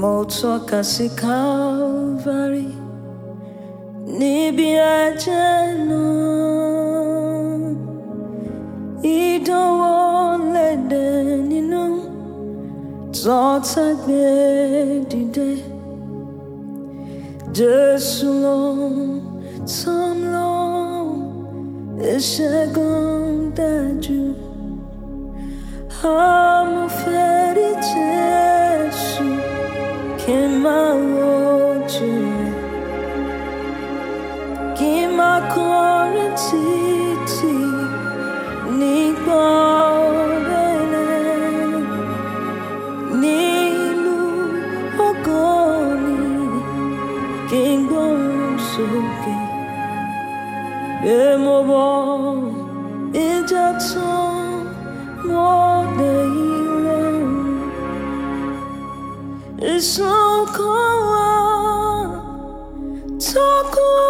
motoka si Calvary níbíyàjẹ́ náà ìdánwò lẹ́dẹ̀ nínú tọ́tàgbẹ́ dìde Jésù ló tán lọ ìṣẹ́gun dájú àmọ́ fẹ́ẹ́ rí jẹ́. 속에 내 몸은 잊었어 못내 일은 있을 거야 자꾸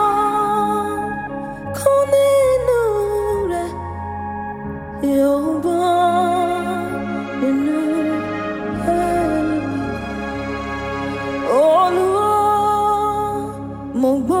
more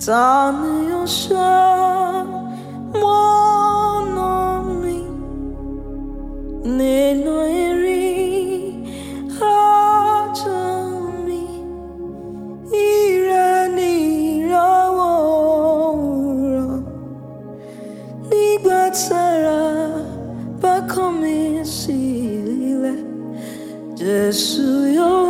只要有你，我努力，你努力，我证明，依然你让我落。你把灿烂把光明，心里来，结束又。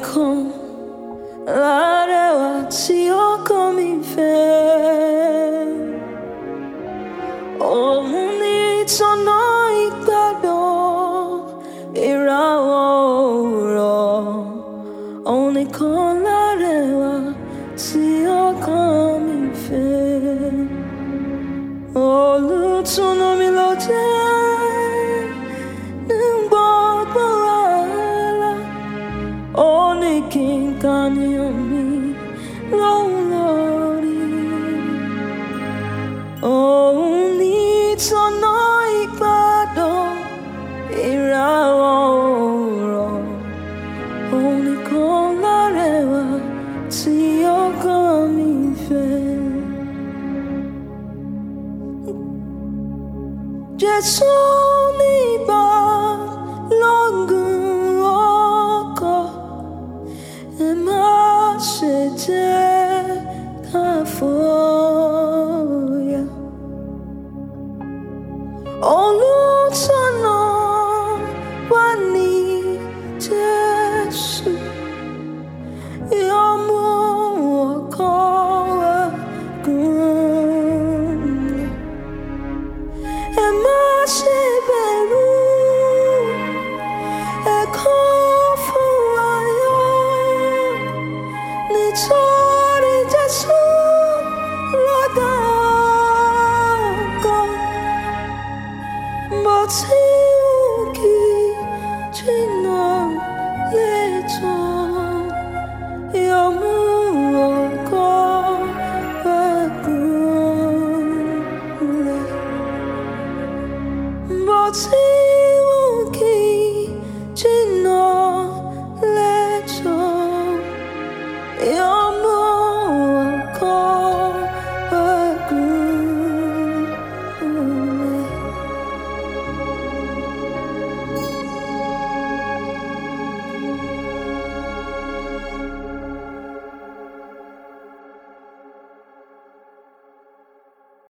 con la relazione con mi fe ohun ìtọ́nà ìgbàgbọ́ ìràwọ̀ òòrọ̀ òun nìkan lárẹwà tí ọkàn mi fẹ́ olùtún. on you.